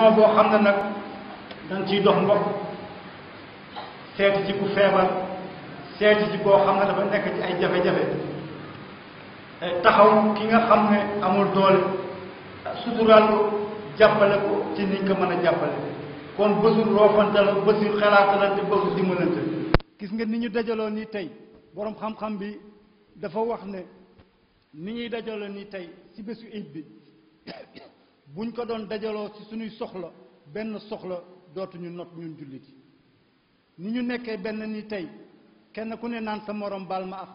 jamono boo xam ne nag dañ ciy dox mbokk seeti ci ku feebar seeti ci koo xam ne dafa nekk ci ay jafe-jafe eh, taxaw ki nga xam ne amul doole suturaal ko jàppale ko ci niñ ko mën a jàppale kon bésu roofante la bésu xalaatalante bésu dimbalante gis nga ni ñu dajaloo nii tey boroom xam-xam bi dafa wax ne ni ñuy dajaloo nii tey ci bésu iid bi buñ ko doon dajaloo ci suñuy soxla benn soxla dootuñu not ñun jullit yi ni ñu nekkee benn ni tey kenn ku ne naan sa moroom baal ma ak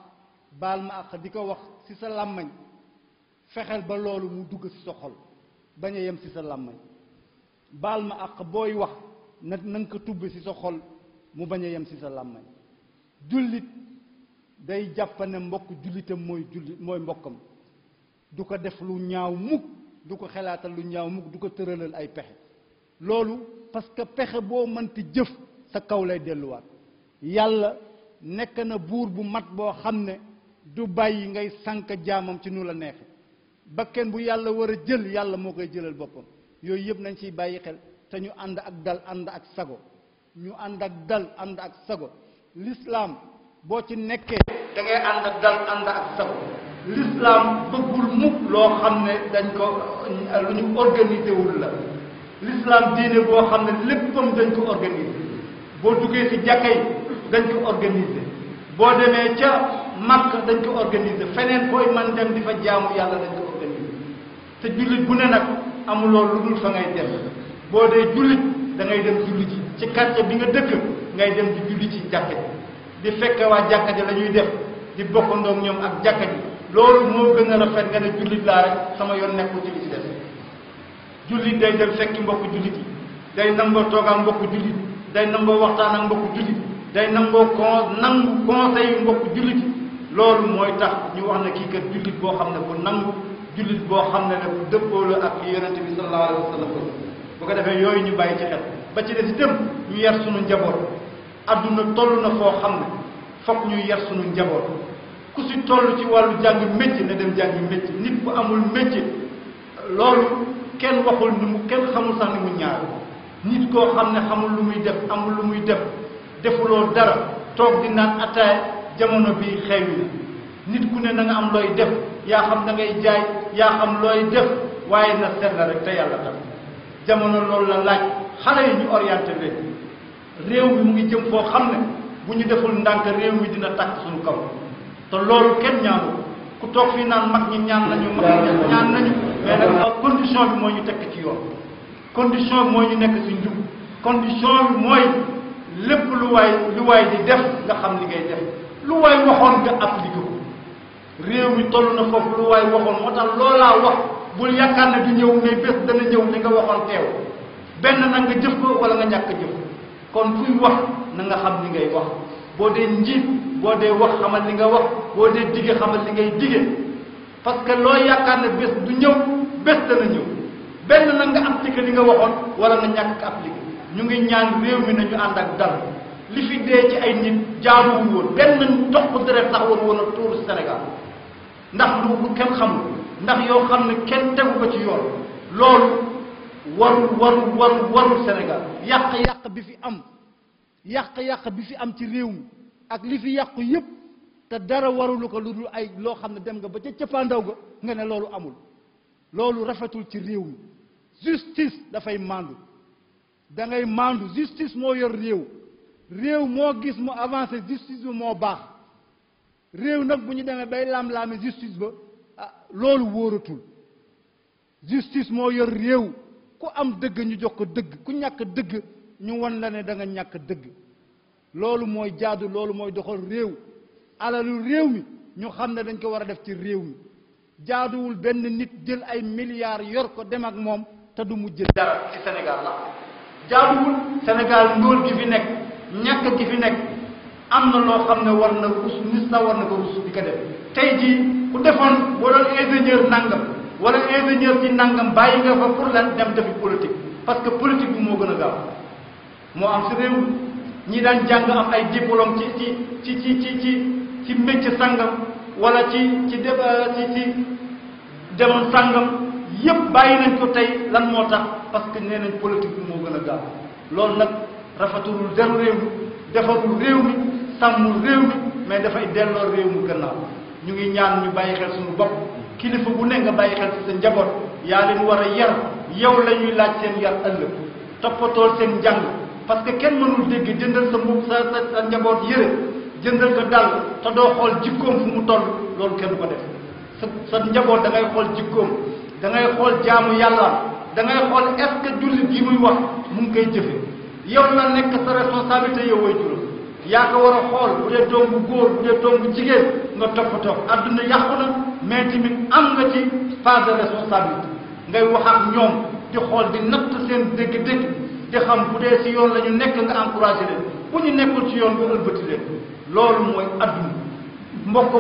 baal ma ak di ko wax ci sa làmmañ fexeel ba loolu mu dugg ci sa xol bañ a yem ci sa làmmañ baal ma ak booy wax na na ko tubb ci sa xol mu bañ a yem ci sa làmmañ jullit day jàpp ne mbokk jullitam mooy mooy mbokkam du ko def lu ñaaw mukk duko ko lu ñaaw mukk duko teureulal ay pexe lolu parce que pexe bo man ti jëf sa kaw lay delu delluwaat yàlla nek na buur bu mat bo xamne du bàyyi ngay sànk jaamam ci nu la neexe bakken bu yàlla wara jël yàlla mo koy jëlal bopam yoy yeb nañ ci bàyyi xel te ñu ànd ak dal ànd ak sago ñu ànd ak dal ànd ak sago l'islam bo ci nekké da ngay ànd ak dal ànd ak sago l'islam bëggul mukk loo xam ne dañ ko lu ñu organisé wul la l'islam diine boo xam ne léppam dañ ko organisé boo duggee ci jàkka yi dañ ko organisé boo demee ca Makka dañ ko organisé feneen booy man dem di fa jaamu yàlla dañ ko organisé te jullit bu ne nag amuloo lu dul fa ngay dem boo dee jullit da ngay dem julli ci ci quartier bi nga dëkk ngay dem di julli ci jàkka ji di fekke waa jàkka ji lañuy ñuy def di bokkandoo ñoom ak jàkka ji loolu moo gën a rafet nga ne jullit laa rek sama yoon nekkul ci li ci jullit day dem fekki mbokku jullit yi day nangoo toogaam mbokku jullit day nangoo waxtaan ak mbokku jullit day nangoo con nangu conseil mbokk jullit loolu mooy tax ñu wax ne kii kat jullit boo xam ne bu nangu jullit boo xam ne ne bu dëppoo la ak yonente bi sallallahu alayhi wa sallam bu ko defee yooyu ñu bàyyi ci xel ba ci des itam ñu yar sunu njaboot adduna toll na foo xam ne foog ñu yar ku si toll ci wàllu jàng métier na dem jàngi métier nit ku amul métier loolu kenn waxul ni mu kenn xamul sax ni mu ñaar nit koo xam ne xamul lu muy def amul lu muy def defuloo dara toog di naan ataaya jamono bii xew nit ku ne na am looy def yaa xam da ngay jaay yaa xam looy def waaye na seet na rek te yàlla tax jamono loolu la laaj xale yi ñu orienté leen réew mi mu ngi jëm foo xam ne bu ñu deful ndànk réew mi dina tàkk suñu kaw te loolu kenn ñaanu ku toog fii naan mag ñi ñaan nañu mag ñi ñaan nañu mais nag condition bi mooy ñu tekk ci yoon condition bi mooy ñu nekk si njub condition bi mooy lépp lu waay lu waay di def nga xam li ngay def lu waay waxoon nga appliqué ko réew mi toll na foofu lu waay waxoon moo tax loolaa wax bul yaakaar ne du ñëw mais bés dana ñëw li nga waxoon teew benn na nga jëf ko wala nga ñàkk jëf kon kuy wax na nga xam li ngay wax boo dee njiit boo dee wax xamal li nga wax boo dee digge xamal li ngay digge parce que loo yaakaar ne bés du ñëw bés dana ñëw benn na nga am appliqué li nga waxoon wala nga ñàkk ko appliqué ñu ngi ñaan réew mi nañu ànd ak dal li fi dee ci ay nit jaaruwul woon benn toq deret sax war woon a tuuru Sénégal ndax lu bu kenn xamul ndax yoo xam ne kenn tegu ko ci yoon loolu waru waru waru waru Sénégal yàq-yàq bi fi am yàq-yàq bi fi am ci réew mi ak li fi yàqu yëpp te dara warulu ko lu dul ay loo xam ne dem nga ba ca cëppaandaw ga nga ne loolu amul loolu rafetul ci réew mi justice dafay màndu dangay ngay màndu justice moo yor réew réew moo gis mu avancé justice bi moo baax réew nag bu ñu demee bay laam-laame justice ba ah loolu wóoratul justice moo yor réew ku am dëgg ñu jox ko dëgg ku ñàkk dëgg ñu won la ne danga ñàkk dëgg loolu mooy jaadu loolu mooy doxal réew alalu réew mi ñu xam ne dañ ko war a def ci réew mi jaaduwul benn nit jël ay milliards yor ko dem ak moom te du mujj dara ci Sénégal la jaaduwul Sénégal ndóol gi fi nekk ñàkk gi fi nekk am na loo xam ne war na rus nit sa war na ko rus di ko def tey jii ku defoon boo doon ingénieur nangam wala ingénieur ci nangam bàyyi nga fa pour lan dem defi politique parce que politique bi moo gën a gaaw moo am si réew ñi daan jàng am ay diplôme ci ci ci ci ci ci ci métier sàngam wala ci ci dé euh, ci ci demoon sàngam yépp bàyyi nañ ko tey lan moo tax parce que nee nañ politique bi moo gën a gaaw loolu nag rafetulul der réew mi defarul réew mi sàmmul réew mi mais dafay delloo réew mi gannaaw ñu ngi ñaan ñu bàyyi xel suñu bopp kilifa bu ne nga bàyyi xel ci sa njaboot yaa leen war a yar yow la ñuy laaj seen yar ëllëg toppatool seen njàng parce que kenn mënul dégg jëndal sa mbubb sa sa sa njaboot yëre jëndal ko dàll te doo xool jikkoom fu mu toll loolu kenn ko def sa sa njaboot da ngay xool jikkoom da ngay xool jaamu yàlla da xool est jullit gi muy wax mu koy jëfe yow na nekk sa responsabilité yow way juróom yaa ko war a xool bu dee doom góor bu dee doom jigéen nga toppatoo àdduna yàqu na mais tamit am nga ci part de responsabilité ngay wax ñoom di xool di natt seen dégg-dégg te xam yoon la nekk nga encouragé leen ñu nekkul ci yoon nga ëlbati loolu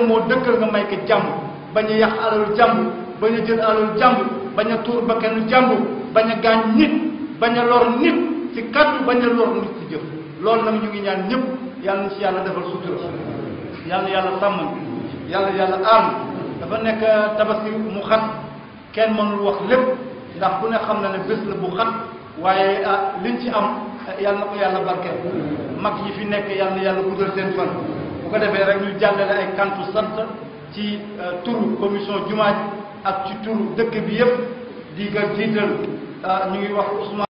moo a yàq alalu jàmm bañ jël alalu jàmm bañ a tuur bakkanu jàmm bañ a gaañ nit bañ a lor nit ci kàddu bañ a lor nit ci jëf loolu nag ñu ngi ñaan ñëpp yàlla na ci yàlla defal sutura yàlla yàlla sàmm yàlla yàlla aar dafa nekk tabaski mu xat kenn mënul wax lépp ndax ku ne xam na ne bés la bu xat waaye ah liñ ci am ah, yal na ko yàlla barkeel mag yi fi nekk yàlla yàlla guddal seen fan bu ko defee rek ñu jàllale ay kantu sant ci ah, turu commission jumaa ak ci turu dëkk bi yëpp di nga jiital ah, ñu ngi wax Ousmane